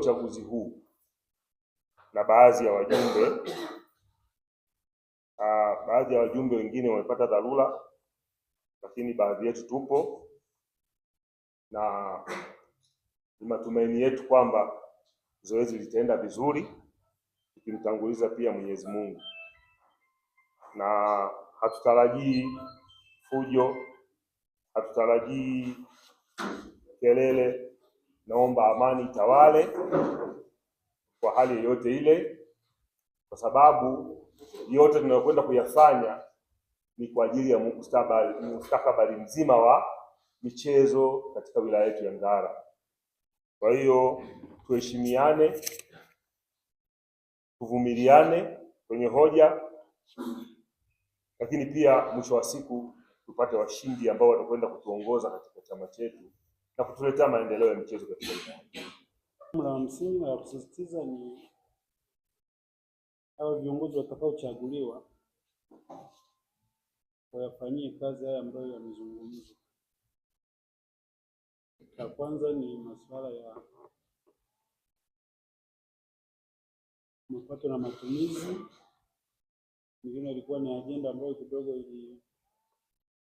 uchaguzi huu na baadhi ya wajumbe uh, baadhi ya wajumbe wengine wamepata dharura, lakini baadhi yetu tupo na ni matumaini yetu kwamba zoezi litaenda vizuri, tukimtanguliza pia Mwenyezi Mungu, na hatutarajii fujo, hatutarajii kelele naomba amani tawale kwa hali yoyote ile, kwa sababu yote tunayokwenda kuyafanya ni kwa ajili ya mustakabali mzima wa michezo katika wilaya yetu ya Ngara. Kwa hiyo tuheshimiane, tuvumiliane kwenye hoja, lakini pia mwisho wa siku tupate washindi ambao watakwenda kutuongoza katika chama chetu na kutuletea maendeleo ya michezo katika la msingi la kusisitiza ni hawa viongozi watakaochaguliwa wayafanyie kazi haya ambayo yamezungumzwa. Ya kwanza ni masuala ya mapato na matumizi. Nyingine ilikuwa ni ajenda ambayo kidogo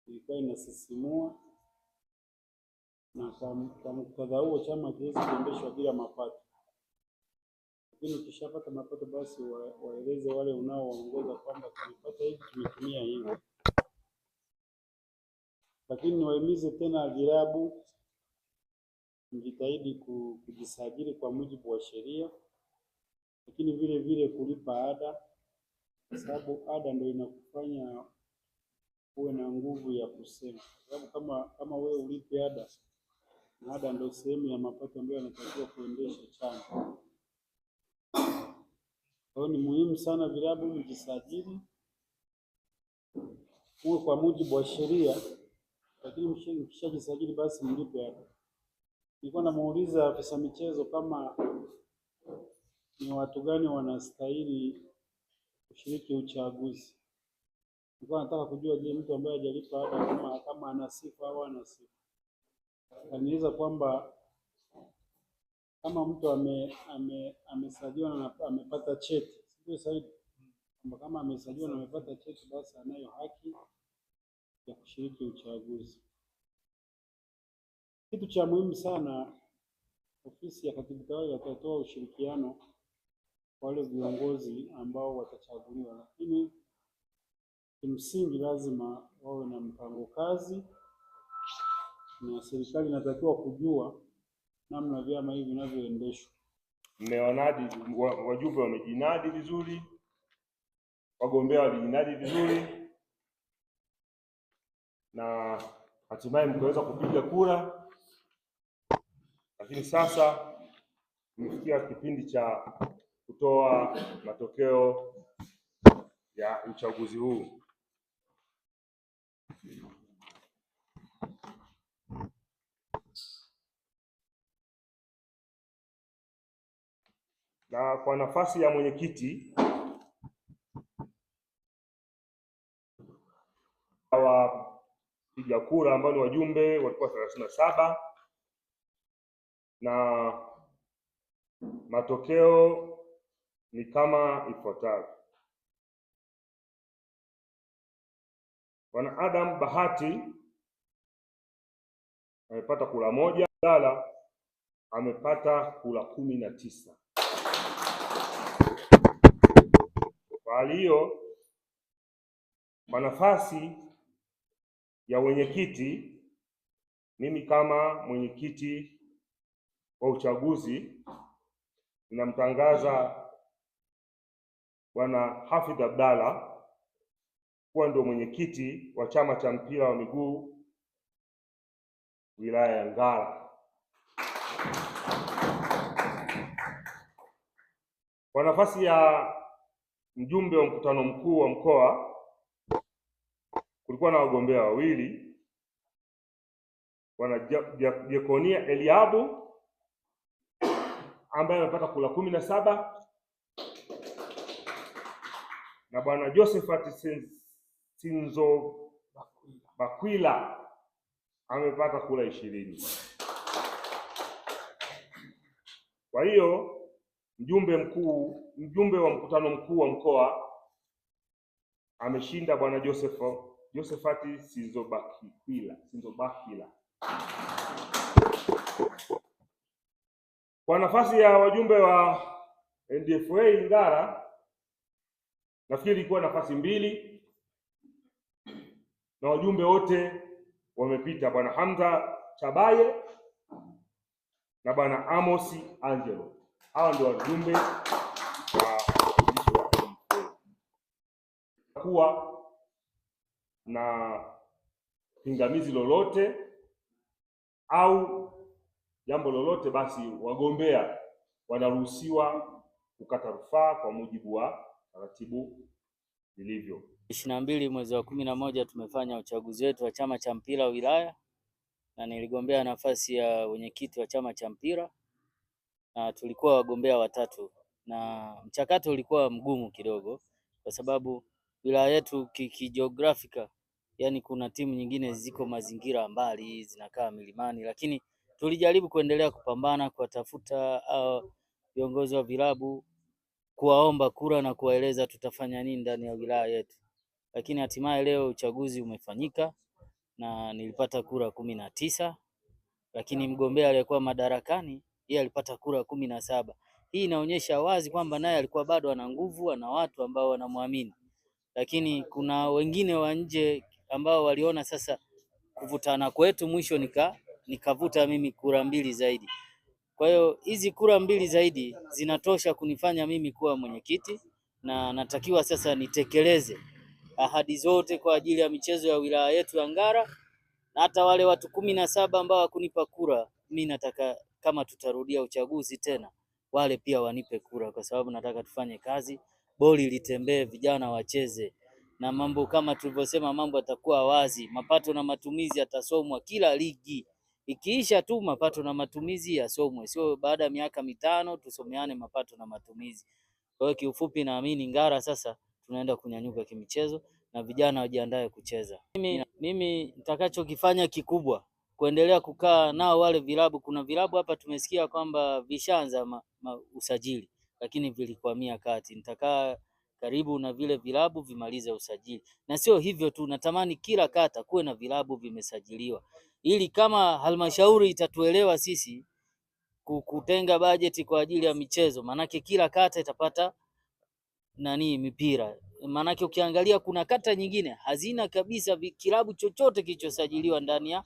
ilikuwa inasisimua na kwa muktadha huo chama kiwezi kuendeshwa bila mapato, lakini ukishapata mapato basi waeleze wale unaowaongoza kwamba tumepata hivi, tumetumia hivi. Lakini niwahimize tena vilabu mjitahidi kujisajili kwa mujibu wa sheria, lakini vile vile kulipa ada, kwa sababu ada ndio inakufanya uwe na nguvu ya kusema, sababu kama kama wewe ulipe ada na ada ndio sehemu ya mapato ambayo yanatakiwa kuendesha chama. Kwa hiyo ni muhimu sana vilabu mjisajili, uwe kwa mujibu wa sheria, lakini mkishajisajili basi mlipe hapo. Nilikuwa namuuliza afisa michezo kama ni watu gani wanastahili kushiriki uchaguzi. Nilikuwa nataka kujua, je, mtu ambaye hajalipa ada kama, kama ana sifa au ana sifa kaniuliza kwamba kama mtu ame, ame, ame na amepata cheti sio sahihi kwamba kama amesajiliwa na amepata cheti basi anayo haki ya kushiriki uchaguzi. Kitu cha muhimu sana, ofisi ya katibu tawala itatoa ushirikiano kwa wale viongozi ambao watachaguliwa, lakini kimsingi lazima wawe na mpango kazi na serikali inatakiwa kujua namna vyama hivi vinavyoendeshwa. Mmewanadi wajumbe wamejinadi vizuri, wagombea walijinadi vizuri, na hatimaye mkaweza kupiga kura. Lakini sasa mmefikia kipindi cha kutoa matokeo ya uchaguzi huu. na kwa nafasi ya mwenyekiti wapiga kura ambao ni wajumbe walikuwa thelathini na saba na matokeo ni kama ifuatavyo. Bwana Adam Bahati amepata kura moja, Dala amepata kura kumi na tisa. Kwa hiyo kwa nafasi ya wenyekiti, mimi kama mwenyekiti wa uchaguzi ninamtangaza Bwana Hafidh Abdalla kuwa ndio mwenyekiti wa chama cha mpira wa miguu wilaya ya Ngara. Kwa nafasi ya mjumbe wa mkutano mkuu wa mkoa, kulikuwa na wagombea wawili, bwana Jekonia Eliabu ambaye amepata kura kumi na saba na bwana Josephat Sinzo Bakwila amepata kura ishirini. Kwa hiyo Mjumbe mkuu, mjumbe wa mkutano mkuu wa mkoa ameshinda bwana Joseph Josephati Sizobakila Sizobakila kwa nafasi ya wajumbe wa NDFA Ngara, nafikiri ilikuwa nafasi mbili na wajumbe wote wamepita, bwana Hamza Chabaye na bwana Amosi Angelo. Hawa ndio wajumbe kuwa na pingamizi lolote au jambo lolote, basi wagombea wanaruhusiwa kukata rufaa kwa mujibu wa taratibu zilivyo. ishirini na mbili mwezi wa kumi na moja tumefanya uchaguzi wetu wa chama cha mpira wilaya na niligombea nafasi ya mwenyekiti wa chama cha mpira na tulikuwa wagombea watatu, na mchakato ulikuwa mgumu kidogo, kwa sababu wilaya yetu kijiografika ki yani, kuna timu nyingine ziko mazingira mbali zinakaa milimani, lakini tulijaribu kuendelea kupambana kuwatafuta uh, viongozi wa vilabu kuwaomba kura na kuwaeleza tutafanya nini ndani ya wilaya yetu, lakini hatimaye leo uchaguzi umefanyika na nilipata kura kumi na tisa, lakini mgombea aliyekuwa madarakani yeye alipata kura kumi na saba. Hii inaonyesha wazi kwamba naye alikuwa bado ana nguvu, ana watu ambao wanamwamini, lakini kuna wengine wa nje ambao waliona sasa kuvutana kwetu, mwisho nika nikavuta mimi kura mbili zaidi. Kwa hiyo hizi kura mbili zaidi zinatosha kunifanya mimi kuwa mwenyekiti, na natakiwa sasa nitekeleze ahadi zote kwa ajili ya michezo ya wilaya yetu ya Ngara, na hata wale watu kumi na saba ambao hakunipa kura, mimi nataka kama tutarudia uchaguzi tena, wale pia wanipe kura, kwa sababu nataka tufanye kazi, boli litembee, vijana wacheze na mambo kama tulivyosema, mambo yatakuwa wazi. Mapato na matumizi yatasomwa kila ligi ikiisha tu, mapato na matumizi yasomwe, sio baada ya miaka mitano tusomeane mapato na matumizi. Kwa hiyo kiufupi, naamini Ngara sasa tunaenda kunyanyuka kimichezo na vijana wajiandae kucheza. Mimi, mimi nitakachokifanya kikubwa kuendelea kukaa nao wale vilabu. Kuna vilabu hapa tumesikia kwamba vishaanza ma, ma, usajili lakini vilikwamia kati. Nitakaa karibu na vile vilabu vimalize usajili, na sio hivyo tu, natamani kila kata kuwe na vilabu vimesajiliwa, ili kama halmashauri itatuelewa sisi kutenga bajeti kwa ajili ya michezo, maanake kila kata itapata nani mipira. Maanake ukiangalia kuna kata nyingine hazina kabisa kilabu chochote kilichosajiliwa ndani ya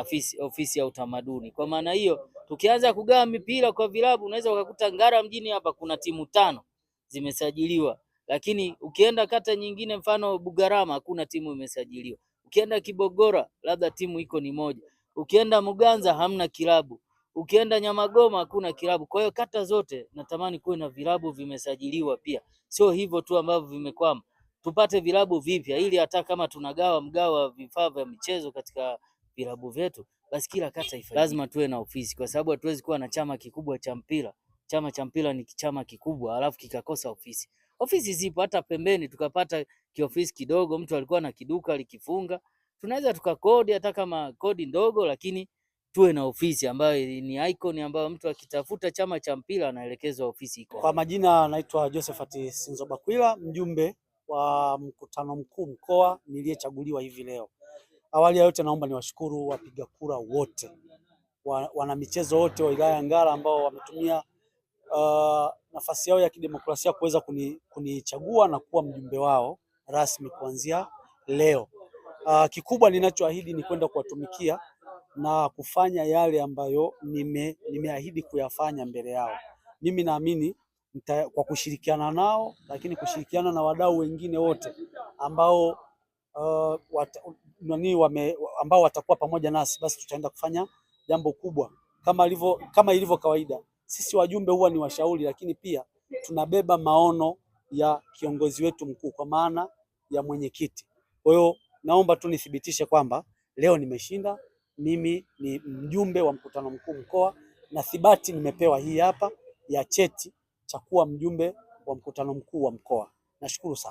ofisi, ofisi ya utamaduni. Kwa maana hiyo tukianza kugawa mipira kwa vilabu, unaweza ukakuta Ngara mjini hapa kuna timu tano zimesajiliwa, lakini ukienda kata nyingine, mfano Bugarama, hakuna timu imesajiliwa. Ukienda Kibogora, labda timu iko ni moja. Ukienda Muganza, hamna kilabu. Ukienda Nyamagoma, hakuna kilabu. Kwa hiyo kata zote natamani kuwe na vilabu vimesajiliwa pia, sio hivyo tu ambavyo vimekwama tupate vilabu vipya ili hata kama tunagawa mgao wa vifaa vya michezo katika vilabu vyetu, basi kila kata ifanye. Lazima tuwe na ofisi, kwa sababu hatuwezi kuwa na chama kikubwa cha mpira. Chama cha mpira ni chama kikubwa, alafu kikakosa ofisi. Ofisi zipo hata pembeni, tukapata kiofisi kidogo, mtu alikuwa na kiduka likifunga, tunaweza tukakodi, hata kama kodi ndogo, lakini tuwe na ofisi ambayo ni icon ambayo mtu akitafuta chama cha mpira anaelekezwa ofisi iko. Kwa majina anaitwa Josephat Sinzobakwila, mjumbe wa mkutano mkuu mkoa niliyechaguliwa hivi leo. Awali ya yote, naomba niwashukuru wapiga kura wote, wanamichezo wote wa wilaya ya Ngara ambao wametumia uh, nafasi yao ya kidemokrasia kuweza kunichagua kuni na kuwa mjumbe wao rasmi kuanzia leo. Uh, kikubwa ninachoahidi ni kwenda kuwatumikia na kufanya yale ambayo nime, nimeahidi kuyafanya mbele yao. Mimi naamini kwa kushirikiana nao, lakini kushirikiana na wadau wengine wote ambao uh, wat, nani wame, ambao watakuwa pamoja nasi, basi tutaenda kufanya jambo kubwa kama ilivyo kama ilivyo kawaida. Sisi wajumbe huwa ni washauri, lakini pia tunabeba maono ya kiongozi wetu mkuu kwa maana ya mwenyekiti. Kwa hiyo naomba tu nithibitishe kwamba leo nimeshinda, mimi ni mjumbe wa mkutano mkuu mkoa, na thibati nimepewa hii hapa ya cheti cha kuwa mjumbe wa mkutano mkuu wa mkoa. Nashukuru sana.